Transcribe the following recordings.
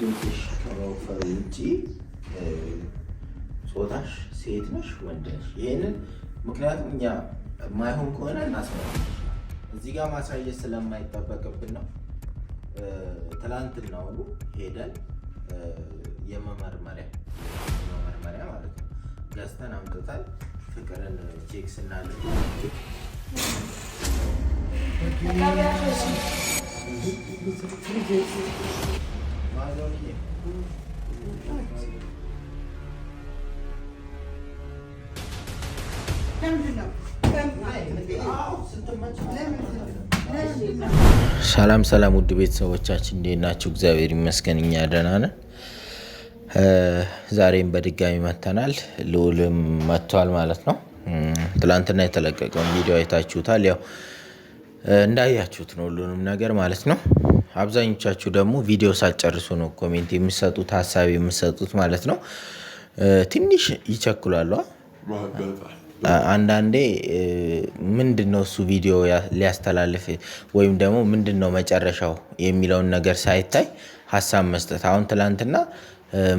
ድምፅሽ ከመወፈሩ ውጭ ጾታሽ ሴት ነሽ ወንድ ነሽ? ይህንን ምክንያቱም እኛ የማይሆን ከሆነ እናስመ እዚህ ጋር ማሳየት ስለማይጠበቅብን ነው። ትላንትና ሁሉ ሄደን የመመርመሪያ መመርመሪያ ማለት ነው ገዝተን አምጥተን ፍቅርን ቼክ ስናደርግ ሰላም ሰላም፣ ውድ ቤተሰቦቻችን እንዴት ናችሁ? እግዚአብሔር ይመስገን እኛ ደህና ነን። ዛሬም በድጋሚ መተናል ልዑልም መጥቷል ማለት ነው። ትላንትና የተለቀቀውን ቪዲዮ አይታችሁታል። ያው እንዳያችሁት ነው ሁሉንም ነገር ማለት ነው። አብዛኞቻችሁ ደግሞ ቪዲዮ ሳጨርሱ ነው ኮሜንት የምሰጡት ሀሳብ የምሰጡት ማለት ነው። ትንሽ ይቸኩላሉ። አንዳንዴ ምንድን ነው እሱ ቪዲዮ ሊያስተላልፍ ወይም ደግሞ ምንድን ነው መጨረሻው የሚለውን ነገር ሳይታይ ሀሳብ መስጠት። አሁን ትላንትና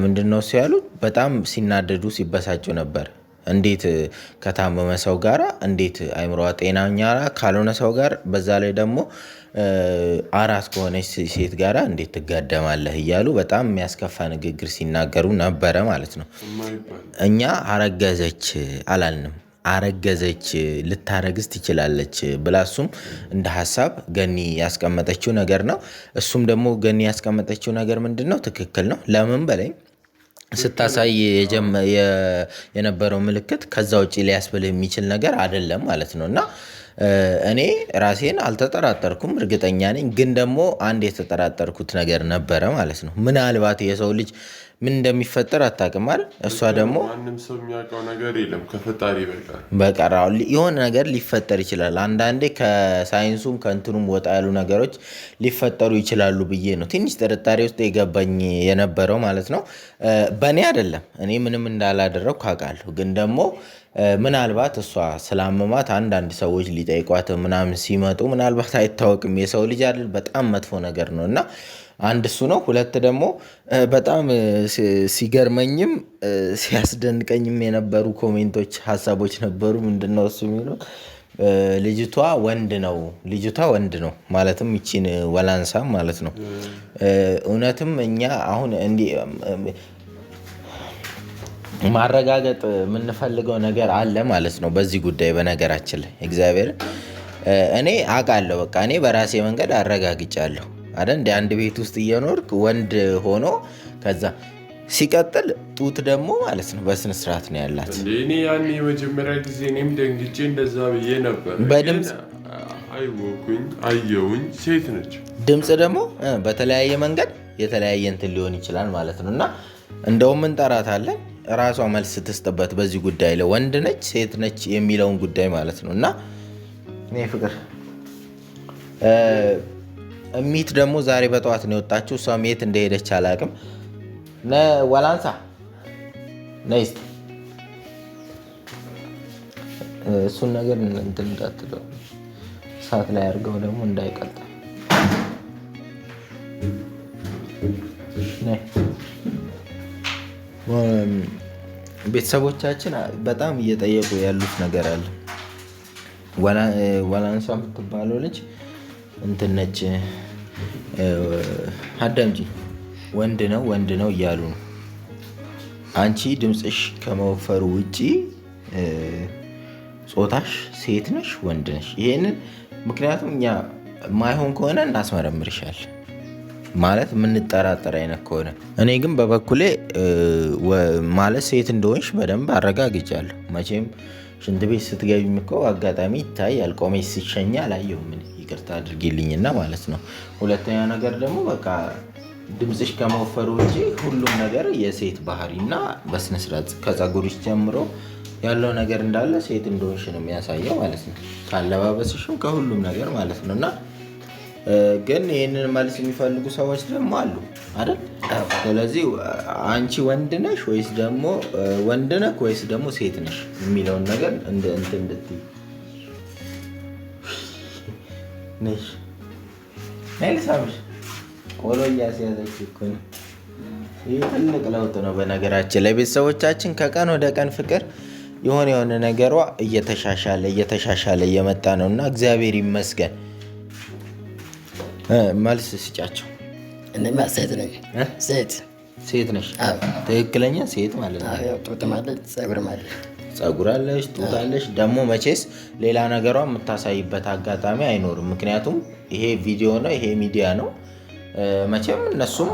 ምንድን ነው እሱ ያሉት በጣም ሲናደዱ ሲበሳጩ ነበር። እንዴት ከታመመ ሰው ጋር እንዴት አይምሮዋ ጤናኛ ካልሆነ ሰው ጋር በዛ ላይ ደግሞ አራስ ከሆነች ሴት ጋር እንዴት ትጋደማለህ እያሉ በጣም የሚያስከፋ ንግግር ሲናገሩ ነበረ ማለት ነው። እኛ አረገዘች አላልንም አረገዘች ልታረግዝ ትችላለች ብላ እሱም እንደ ሀሳብ ገኒ ያስቀመጠችው ነገር ነው። እሱም ደግሞ ገኒ ያስቀመጠችው ነገር ምንድን ነው? ትክክል ነው። ለምን በላይም? ስታሳይ የነበረው ምልክት ከዛ ውጭ ሊያስብል የሚችል ነገር አይደለም ማለት ነው። እና እኔ ራሴን አልተጠራጠርኩም እርግጠኛ ነኝ። ግን ደግሞ አንድ የተጠራጠርኩት ነገር ነበረ ማለት ነው። ምናልባት የሰው ልጅ ምን እንደሚፈጠር አታውቅም አይደል? እሷ ደግሞ ማንም ሰው የሚያውቀው ነገር የለም ከፈጣሪ በቀር በቀር የሆነ ነገር ሊፈጠር ይችላል። አንዳንዴ ከሳይንሱም ከእንትኑም ወጣ ያሉ ነገሮች ሊፈጠሩ ይችላሉ ብዬ ነው ትንሽ ጥርጣሬ ውስጥ የገባኝ የነበረው ማለት ነው። በእኔ አይደለም እኔ ምንም እንዳላደረግኩ አውቃለሁ። ግን ደግሞ ምናልባት እሷ ስላመማት አንዳንድ ሰዎች ሊጠይቋት ምናምን ሲመጡ ምናልባት አይታወቅም። የሰው ልጅ አይደል በጣም መጥፎ ነገር ነው እና አንድ እሱ ነው። ሁለት ደግሞ በጣም ሲገርመኝም ሲያስደንቀኝም የነበሩ ኮሜንቶች፣ ሀሳቦች ነበሩ። ምንድን ነው እሱ የሚለው ልጅቷ ወንድ ነው ልጅቷ ወንድ ነው ማለትም ይቺን ወላንሳ ማለት ነው። እውነትም እኛ አሁን ማረጋገጥ የምንፈልገው ነገር አለ ማለት ነው። በዚህ ጉዳይ በነገራችን ላይ እግዚአብሔር እኔ አውቃለሁ በቃ እኔ በራሴ መንገድ አረጋግጫለሁ አደ እንደ አንድ ቤት ውስጥ እየኖርክ ወንድ ሆኖ ከዛ ሲቀጥል ጡት ደግሞ ማለት ነው በስነ ስርዓት ነው ያላት። እኔ ያን የመጀመሪያ ጊዜ እኔም ደንግጬ እንደዛ ብዬ ነበር። በድምፅ አይወኩኝ አየውኝ ሴት ነች። ድምፅ ደግሞ በተለያየ መንገድ የተለያየ እንትን ሊሆን ይችላል ማለት ነው እና እንደውም እንጠራታለን ራሷ መልስ ስትስጥበት በዚህ ጉዳይ ላይ ወንድ ነች ሴት ነች የሚለውን ጉዳይ ማለት ነው። እና እኔ ፍቅር እሚት ደግሞ ዛሬ በጠዋት ነው የወጣችው። እሷም የት እንደሄደች አላውቅም። ወላንሳ ነይስ እሱን ነገር እንትን እንዳትለው ሰዓት ላይ አድርገው ደግሞ እንዳይቀልጥ ቤተሰቦቻችን በጣም እየጠየቁ ያሉት ነገር አለ። ወላንሷ የምትባለው ልጅ እንትን ነች፣ አዳምጪ፣ ወንድ ነው ወንድ ነው እያሉ ነው። አንቺ ድምፅሽ ከመወፈሩ ውጪ ጾታሽ ሴት ነሽ ወንድ ነሽ? ይሄንን ምክንያቱም እኛ ማይሆን ከሆነ እናስመረምርሻል ማለት የምንጠራጠር አይነት ከሆነ እኔ ግን በበኩሌ ማለት ሴት እንደሆንሽ በደንብ አረጋግጫለሁ። መቼም ሽንት ቤት ስትገቢም እኮ አጋጣሚ ይታያል። ቆመሽ ሲሸኛ አላየሁም። ይቅርታ አድርጊልኝና ማለት ነው። ሁለተኛ ነገር ደግሞ በቃ ድምፅሽ ከመወፈሩ ውጭ ሁሉም ነገር የሴት እና በስነስርዓት ከፀጉርሽ ጀምሮ ያለው ነገር እንዳለ ሴት እንደሆንሽ ነው የሚያሳየው ማለት ነው። ካለባበስሽም ከሁሉም ነገር ማለት ነው እና ግን ይህንን መልስ የሚፈልጉ ሰዎች ደግሞ አሉ አይደል? ስለዚህ አንቺ ወንድ ነሽ ወይስ ደግሞ ወንድ ነክ ወይስ ደግሞ ሴት ነሽ የሚለውን ነገር እንትን እንድትይ ነሽ። ቆሎ እያስያዘች እኮ ነው። ይህ ትልቅ ለውጥ ነው። በነገራችን ላይ ቤተሰቦቻችን ከቀን ወደ ቀን ፍቅር የሆነ የሆነ ነገሯ እየተሻሻለ እየተሻሻለ እየመጣ ነው እና እግዚአብሔር ይመስገን። መልስ ስጫቸው። እኔማ ሴት ነኝ። ሴት ሴት ነሽ፣ ትክክለኛ ሴት ማለት ነው። ጡትም አለሽ፣ ጸጉርም አለሽ፣ ጸጉር አለሽ፣ ጡት አለሽ። ደግሞ መቼስ ሌላ ነገሯ የምታሳይበት አጋጣሚ አይኖርም። ምክንያቱም ይሄ ቪዲዮ ነው፣ ይሄ ሚዲያ ነው። መቼም እነሱም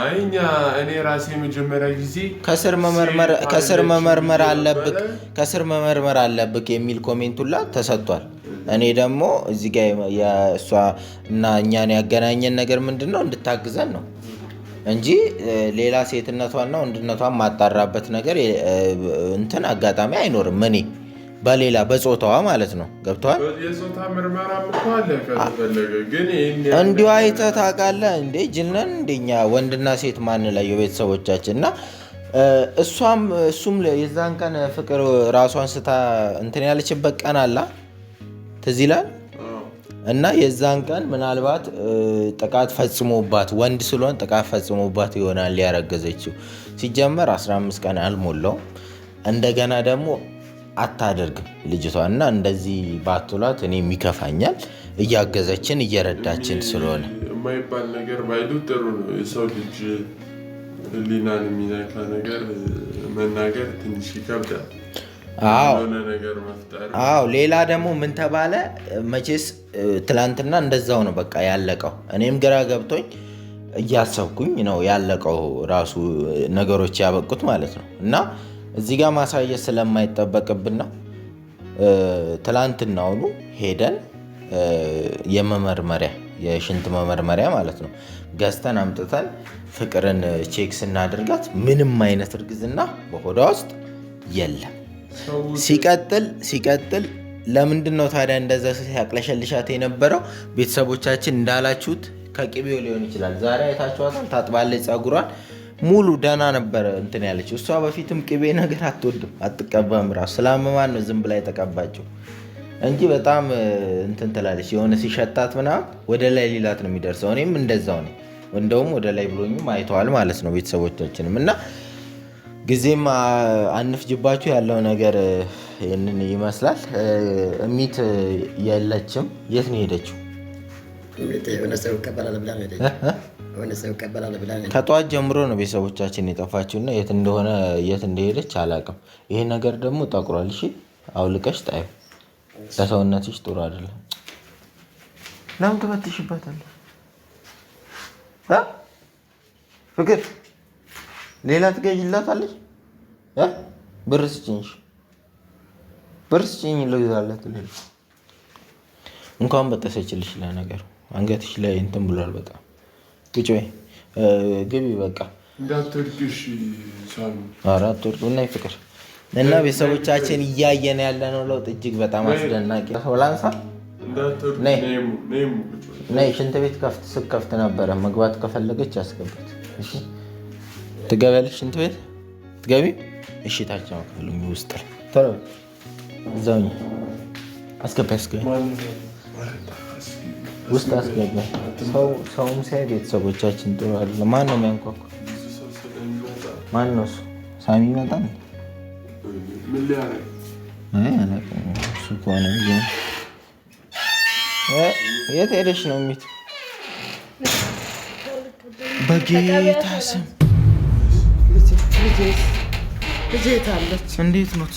አይኛ እኔ ራሴ መጀመሪያ ጊዜ ከስር መመርመር አለብክ የሚል ኮሜንቱላ ተሰጥቷል። እኔ ደግሞ እዚህ ጋ የእሷ እና እኛን ያገናኘን ነገር ምንድን ነው እንድታግዘን ነው እንጂ ሌላ ሴትነቷና ወንድነቷን ማጣራበት ነገር እንትን አጋጣሚ አይኖርም። እኔ በሌላ በጾታዋ ማለት ነው ገብተዋል። እንዲሁ አይተህ ታውቃለህ እንዴ? ጅልነን እንደኛ ወንድና ሴት ማን ላይ የቤተሰቦቻችን እና እሷም እሱም የዛን ቀን ፍቅር ራሷን ስታ እንትን ያለችበት ቀን አላ ትዝ ይላል እና የዛን ቀን ምናልባት ጥቃት ፈጽሞባት ወንድ ስለሆን ጥቃት ፈጽሞባት ይሆናል ሊያረገዘችው ሲጀመር 15 ቀን አልሞላውም። እንደገና ደግሞ አታደርግም ልጅቷ እና እንደዚህ ባትላት እኔ የሚከፋኛል። እያገዘችን እየረዳችን ስለሆነ የማይባል ነገር ባይሉ ጥሩ ነው። የሰው ልጅ ህሊናን የሚነካ ነገር መናገር ትንሽ ይከብዳል። አዎ ሌላ ደግሞ ምን ተባለ መቼስ ትላንትና እንደዛው ነው በቃ ያለቀው። እኔም ግራ ገብቶኝ እያሰብኩኝ ነው ያለቀው ራሱ ነገሮች ያበቁት ማለት ነው። እና እዚህ ጋር ማሳየት ስለማይጠበቅብን ነው ትላንትናውኑ ሄደን የመመርመሪያ የሽንት መመርመሪያ ማለት ነው ገዝተን አምጥተን ፍቅርን ቼክ ስናደርጋት ምንም አይነት እርግዝና በሆዷ ውስጥ የለም። ሲቀጥል ሲቀጥል ለምንድን ነው ታዲያ እንደዛ ሲያቅለሸልሻት የነበረው? ቤተሰቦቻችን እንዳላችሁት ከቅቤው ሊሆን ይችላል። ዛሬ አይታችኋታል፣ ታጥባለች ፀጉሯን ሙሉ ደህና ነበረ እንትን ያለች እሷ በፊትም ቅቤ ነገር አትወድም አትቀባም። ራሱ ስላመማን ነው ዝም ብላ የተቀባችው እንጂ በጣም እንትን ትላለች። የሆነ ሲሸታት ምናምን ወደ ላይ ሌላት ነው የሚደርሰው። እኔም እንደዛው ነኝ። እንደውም ወደ ላይ ብሎኝም አይተዋል ማለት ነው ቤተሰቦቻችንም እና ጊዜም አንፍጅባችሁ ያለው ነገር ይህንን ይመስላል። እሚት የለችም። የት ነው ሄደችው? ከጠዋት ጀምሮ ነው ቤተሰቦቻችን የጠፋችው እና የት እንደሆነ የት እንደሄደች አላውቅም። ይሄ ነገር ደግሞ ጠቁሯል። እሺ አውልቀሽ ጣዩ። ለሰውነትሽ ጥሩ አይደለም። ለምን ትበትሽበታለሽ ፍቅር? ሌላ ትገዥላታለች። ብር ስጭኝ፣ ብር ስጭኝ ልግዛላት። እንኳን በጠሰችልሽ። ለነገሩ አንገትሽ ላይ እንትን ብሏል በጣም ቁጭ በይ፣ ግቢ በቃ አራት እና ፍቅር እና ቤተሰቦቻችን እያየን ያለነው ለውጥ እጅግ በጣም አስደናቂ ሆላንሳ ነይ ሽንት ቤት ከፍት ስከፍት ነበረ መግባት ከፈለገች ያስገባት። ትገቢያለሽ? ሽንት ቤት ትገቢ? እሺ፣ ታችኛው ክፍል ውስጥ እዛው አስገባ፣ አስገባይ ውስጥ አስገባይ። ሰውም ሲያይ ቤተሰቦቻችን ጥሩ አለ። ማን ነው የሚያንኳኳ? ማን ነው እሱ? ሳሚ ይመጣል። እሱ ከሆነ የት ሄደሽ ነው የሚት በጌታ ስም ልጄስ ልጄ የታለች? እንዴት ኖት?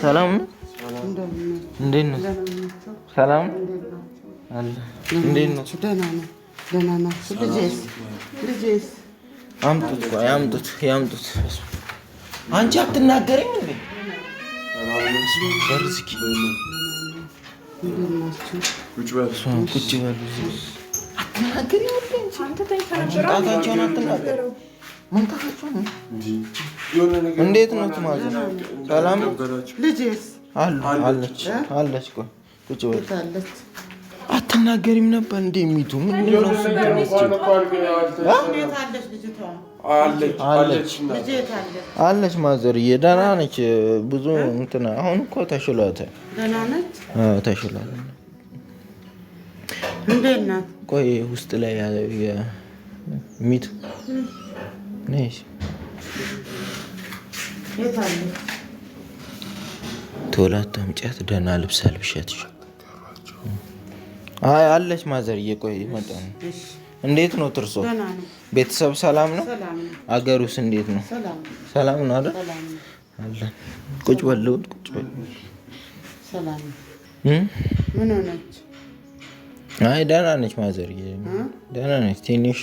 ሰላም ነው? እንዴት ነው? ሰላም አለ። እንዴት ነው? ደህና ነው። ደህና ናችሁ? ልጄስ ልጄስ? አምጡት፣ ያምጡት፣ ያምጡት። አንቺ አትናገሪም እንዴ? በርዝኪ ቁጭ በሉ። አትናገሪም እንዴ? አንተ ተናገራችሁ እንዴት ነው ትማዘ? ሰላም አለች አለች። ቆይ ቁጭ በል አትናገሪም ነበር እንዴ? የሚቱ አለች። ማዘርዬ ደህና ነች። ብዙ እንትና አሁን እኮ ተሽሏታል፣ ተሽሏታል። ቆይ ውስጥ ላይ ሚቱ ነሽ? ቶሎ አታምጪያት ደህና ልብስ አልብሻትሽ። አይ አለች እንዴት ነው ትርሶ? ቤተሰብ ሰላም ነው? አገሩስ እንዴት ነው? ሰላም ነው አይደል? አለን። ቁጭ ቁጭ አይ ደህና ነች ደህና ነች ትንሽ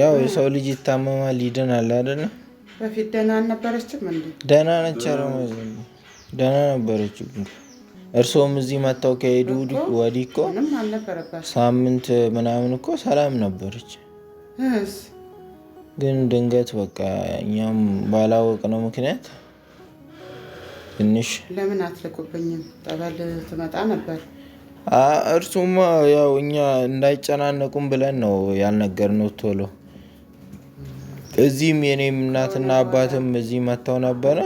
ያው የሰው ልጅ ይታመማል፣ ይድናል አይደለ? በፊት ደህና አልነበረችም እንዴ? ደህና ነች፣ ደህና ነበረች። እርስዎም እዚህ መጥተው ከሄዱ ወዲህ እኮ ሳምንት ምናምን እኮ ሰላም ነበረች። ግን ድንገት በቃ እኛም ባላወቅ ነው ምክንያት ትንሽ ለምን አትልቁብኝም? ጠበል ትመጣ ነበር እርሱም ያው እኛ እንዳይጨናነቁም ብለን ነው ያልነገርነው ቶሎ። እዚህም የኔም እናትና አባትም እዚህ መጥተው ነበረ።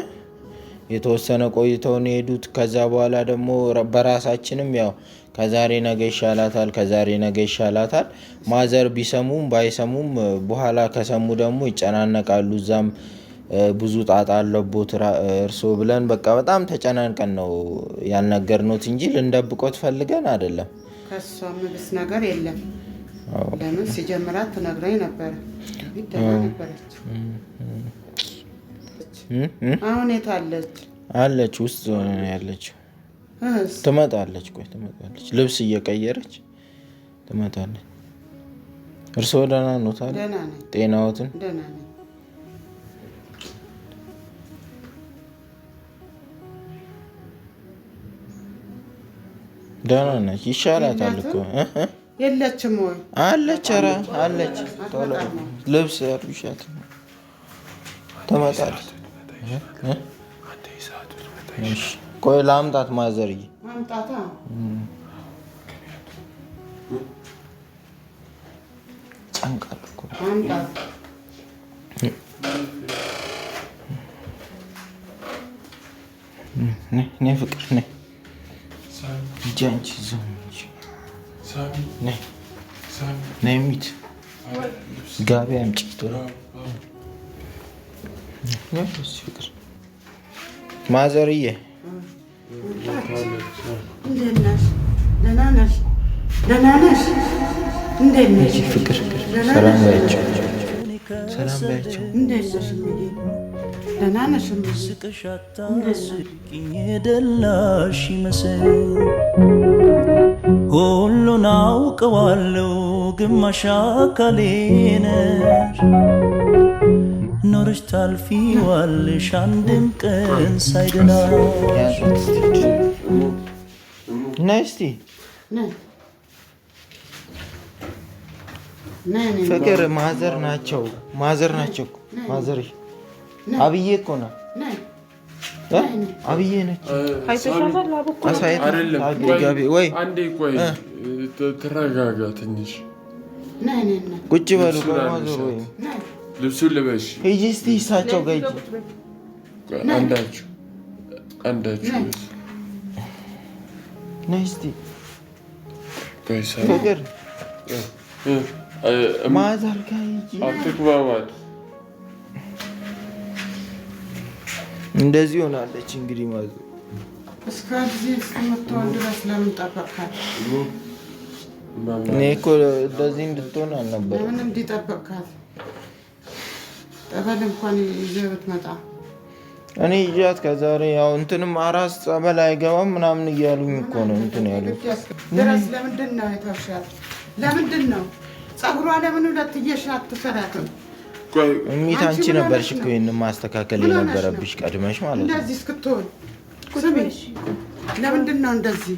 የተወሰነ ነው የሄዱት ከዛ በኋላ ደግሞ በራሳችንም ያው ከዛሬ ነገ ይሻላታል፣ ከዛሬ ነገ ይሻላታል። ማዘር ቢሰሙም ባይሰሙም በኋላ ከሰሙ ደግሞ ይጨናነቃሉ እዛም ብዙ ጣጣ አለቦት እርሶ ብለን በቃ በጣም ተጨናንቀን ነው ያልነገርነው እንጂ ልንደብቆት ፈልገን አይደለም። ከሷ ምልስ ነገር የለም። ለምን ሲጀምራት ትነግረኝ ነበረ። አሁን የት አለች? አለች ውስጥ ያለችው ትመጣለች። ቆይ ትመጣለች። ልብስ እየቀየረች ትመጣለች። እርስዎ ደህና ኖታል? ጤናዎትን ደህና ነች፣ ይሻላታል እኮ የለችም ወይ? አለች፣ ኧረ አለች። ቶሎ ልብስ ያርብሻት፣ ትመጣለች። ቆይ ለአምጣት ማዘርዬ ጨንቃል እኮ እኔ ፍቅር ነኝ Can çizim. Sami. Ne? Sami. Ne mit? Gabi hem çıktı Ne yapıyorsun Fikir? Mazarı iyi. Denler. Denanır. Denanır. Denler. Fikir. Selam Beyciğim. Selam Beyciğim. ደህና ነሽ? ስቅሻታ ስቂኝ የደላሽ ይመስል ሁሉን አውቀዋለሁ ግማሽ አካሌ ነሽ ኖረሽ ታልፊዋለሽ አንድም ቀን ነይ እስቲ ፍቅር ማዘር ናቸው ማዘር ናቸው ማዘር አብዬ እኮ ነው አብዬ ነች። ወይ ተረጋጋ፣ ትንሽ ቁጭ በሉ። ልብሱን ልበሽ። ሂጂ እስኪ እሳቸው ጋር ሂጂ። አንዳችሁ አንዳችሁ ነይ እስኪ ፍቅር ማዘር ጋር ሂጂ። አትግባባት እንደዚህ ሆናለች እንግዲህ ማለት እስከ ጊዜ እስከምትሆን ድረስ ለምን ጠበቅካት? እኔ እኮ እንደዚህ እንድትሆን አልነበረ። ለምን እንዲጠበቅካት? ጠበል እንኳን ይዘህ ብትመጣ እኔ ይዣት ከዛሬ ያው እንትንም አራስ ጸበል አይገባም ምናምን እያሉኝ እኮ ነው እንትን ያሉ ድረስ ለምንድን ነው የተውሻት? ለምንድን ነው ጸጉሯ? ለምን ሁለት እየሻት ትፈላትም እሚት አንቺ ነበርሽ እኮ ይህን ማስተካከል የነበረብሽ ቀድመሽ ማለት ነው። እንደዚህ እስክትሆን ለምንድን ነው እንደዚህ?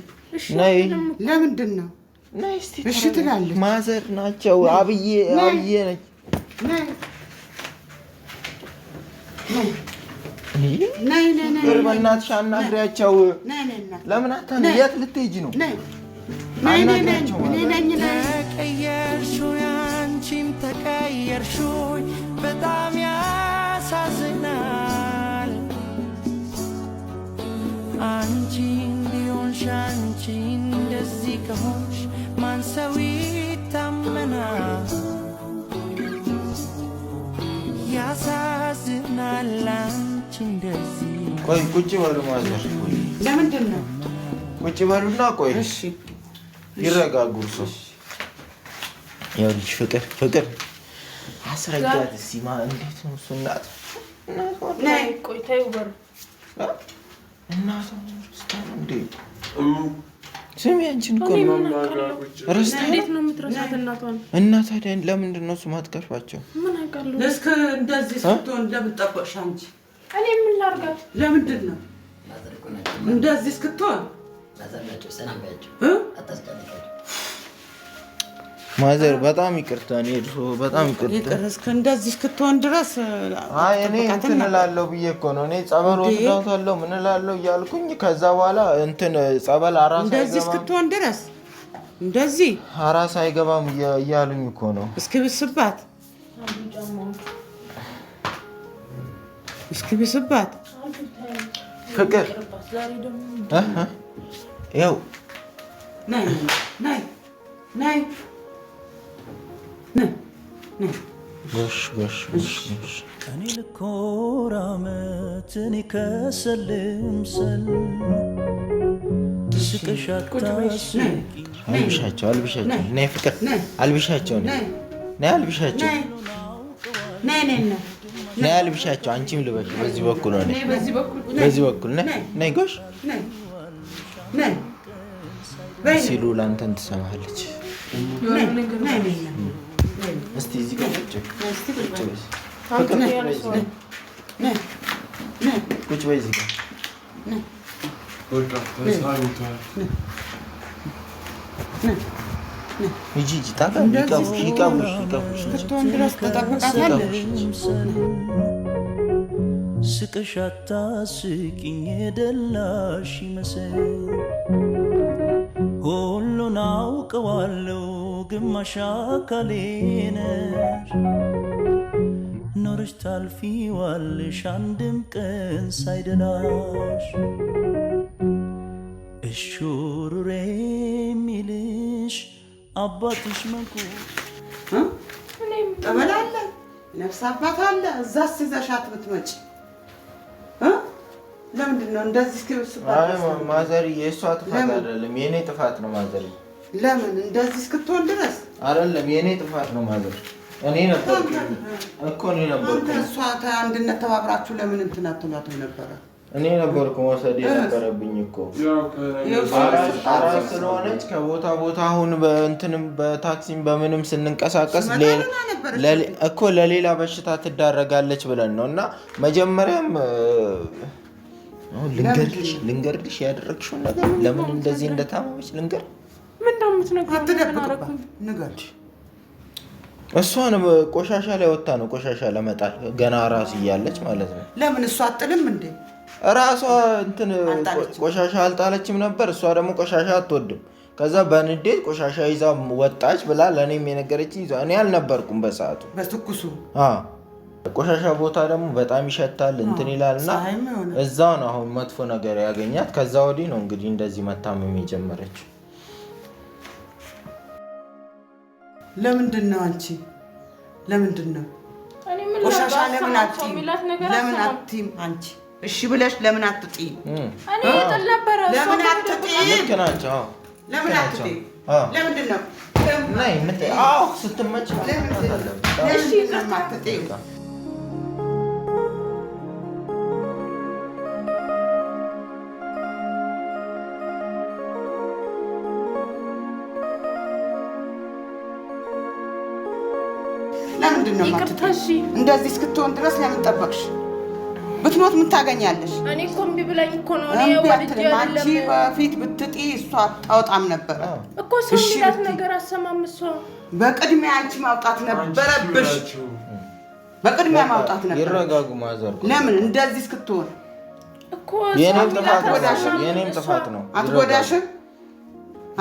ነይ፣ ለምንድን ነው እሺ ትላለች። ማዘር ናቸው። አብዬ አብዬ ነች። በእናትሽ አናግሪያቸው። ለምን የት ልትሄጂ ነው? አንቺም ተቀየርሹኝ በጣም ያሳዝናል። አንቺ እንዲሆንሽ አንቺ እንደዚህ ከሆንሽ ማን ሰው ይታመናል? ያሳዝናል። አንቺ እንደዚህ ቆይ ቁጭ በሉ ማዘር፣ ለምንድን ነው ቁጭ በሉና ቆይ ይረጋጉ ሰው ያው ልጅ ፍቅር ፍቅር አስረጋት እስኪ ማ እንዴት ነው እሱ? እናት ስሚ፣ አንቺን እኮ ነው እና ለምንድን ነው እሱ ማትቀርፋቸው? እንደዚህ ስትሆን ለምን ጠበቅሽ አንቺ? እኔ ምን ላድርጋት? ለምንድን ነው እንደዚህ እስክትሆን ማዘር በጣም ይቅርታ። እኔ እርሶ በጣም ይቅርታ። እንደዚህ እስክትሆን ድረስ እኔ እንትን እላለሁ ብዬ እኮ ነው። እኔ ጸበል ወስዳታለሁ ምን እላለሁ እያልኩኝ ከዛ በኋላ እንትን ጸበል አራስ እንደዚህ እስክትሆን ድረስ እንደዚህ አራስ አይገባም እያሉኝ እኮ ነው። እስክብስባት እስክብስባት ፍቅር ያው ናይ ናይ ናይ እኔ ልኮራ መትን ከሰልም ሰል አልብሻቸው አልብሻቸው ነይ ፍቅር አልብሻቸው ነይ አልብሻቸው ነይ አልብሻቸው አንቺም ልበሽ በዚህ በኩል በዚህ በኩል ነይ ጎሽ ሲሉ ለአንተን ትሰማለች እስቲ እዚህ ጋር ቁጭ በይ። እዚህ ጋር ሂጂ ሂጂ። ታውቃለህ ይቀሙሽ ይቀሙሽ ስቀሻታ ስቂኝ የደላሽ ይመስል ሁሉን አውቀዋለሁ ግማሽ አካሌ ነሽ ኖረሽ ታልፊዋለሽ አንድም ቀን ሳይደላሽ እሹሩሬ የሚልሽ አባትሽ መንኩ ጠበል አለ ነፍስ አባት አለ። እዛ ሲዘሻት ብትመጪ ለምንድን ነው እንደዚህ ማዘርዬ? የእሷ ጥፋት አይደለም የእኔ ጥፋት ነው ማዘርዬ ለምን እንደዚህ እስክትሆን ድረስ አይደለም። የእኔ ጥፋት ነው ማለት እኔ ነበር እኮ እኔ ነበርኩ። እሷ አንድነት ተባብራችሁ ለምን እንትን አትሏትም ነበረ? እኔ ነበርኩ መውሰድ የነበረብኝ እኮ አራት ስለሆነች ከቦታ ቦታ አሁን በእንትንም በታክሲም በምንም ስንንቀሳቀስ እኮ ለሌላ በሽታ ትዳረጋለች ብለን ነው እና መጀመሪያም ልንገርልሽ ልንገርልሽ ያደረግሽውን ነገር ለምን እንደዚህ እንደታመመች ልንገር እሷን ቆሻሻ ላይ ወታ ነው ቆሻሻ ለመጣል ገና ራስ እያለች ማለት ነው። ለምን እሷ አጥልም እንዴ? ራሷ እንትን ቆሻሻ አልጣለችም ነበር። እሷ ደግሞ ቆሻሻ አትወድም። ከዛ በንዴት ቆሻሻ ይዛ ወጣች ብላ ለእኔም የነገረችኝ ይዛ እኔ አልነበርኩም በሰዓቱ በትኩሱ ቆሻሻ ቦታ ደግሞ በጣም ይሸታል እንትን ይላል እና ነው አሁን መጥፎ ነገር ያገኛት። ከዛ ወዲህ ነው እንግዲህ እንደዚህ መታመም የጀመረችው። ለምንድን ነው አንቺ? ለምንድን ነው ቆሻሻ? ለምን አትይም? ለምን አትይም አንቺ? እሺ ብለሽ ለምን አትጥይም? እኔ ለምን አትጥይም? ለምን ለምንድን ነው? አዎ ለምንድን ነው እንደዚህ እስክትሆን ድረስ ለምን ጠበቅሽ? ብትሞት ምን ታገኛለሽ? አንቺ በፊት ብትጢ እሷ አውጣም ነበረ እኮ ሰው የሚላት ነገር አሰማም። እሷ በቅድሚያ አንቺ ማውጣት ነበረብሽ። በቅድሚያ ማውጣት ነበር። ይረጋጉ ማዘር። ለምን እንደዚህ እስክትሆን እኮ የኔም ጥፋት ነው። አትጎዳሽም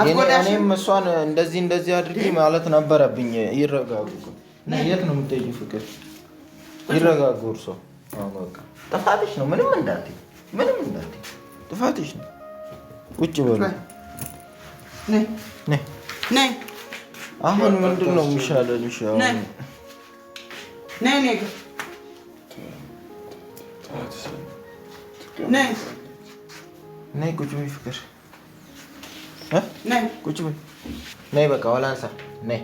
እኔም እሷን እንደዚህ እንደዚህ አድርጌ ማለት ነበረብኝ። ይረጋጉ የት ነው የምትሄጂው? ፍቅር ይረጋጉ። እርሶ ጥፋትሽ ነው። ምንም እንዳትዪ፣ ምንም እንዳትዪ፣ ጥፋትሽ ነው። ቁጭ በሉ። አሁን ምንድን ነው የሚሻለልሽ? ነይ ቁጭ በይ ፍቅር፣ ቁጭ በይ ነይ በቃ ወላንሳ ነይ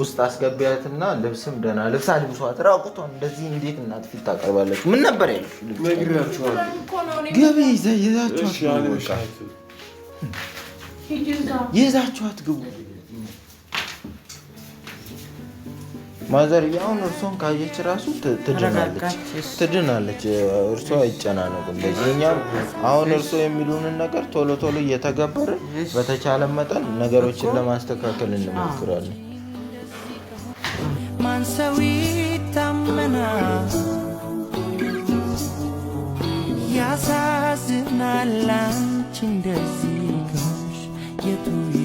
ውስጥ አስገቢያት እና ልብስም ደህና ልብስ አልብሷት። ራቁቷን እንደዚህ እንዴት እናት ፊት ታቀርባለች? ምን ነበር ያለሽ? ግቢ ይዛችኋት ግቡ። ማዘርዬ አሁን እርሶን ካየች ራሱ ትድናለች ትድናለች። እርሶ አይጨናነቁም። እንደዚህኛ አሁን እርሶ የሚሉንን ነገር ቶሎ ቶሎ እየተገበረ በተቻለ መጠን ነገሮችን ለማስተካከል እንሞክራለን። ማን ሰው ይታመናል? ያሳዝናል። አንቺ እንደዚህ የቱ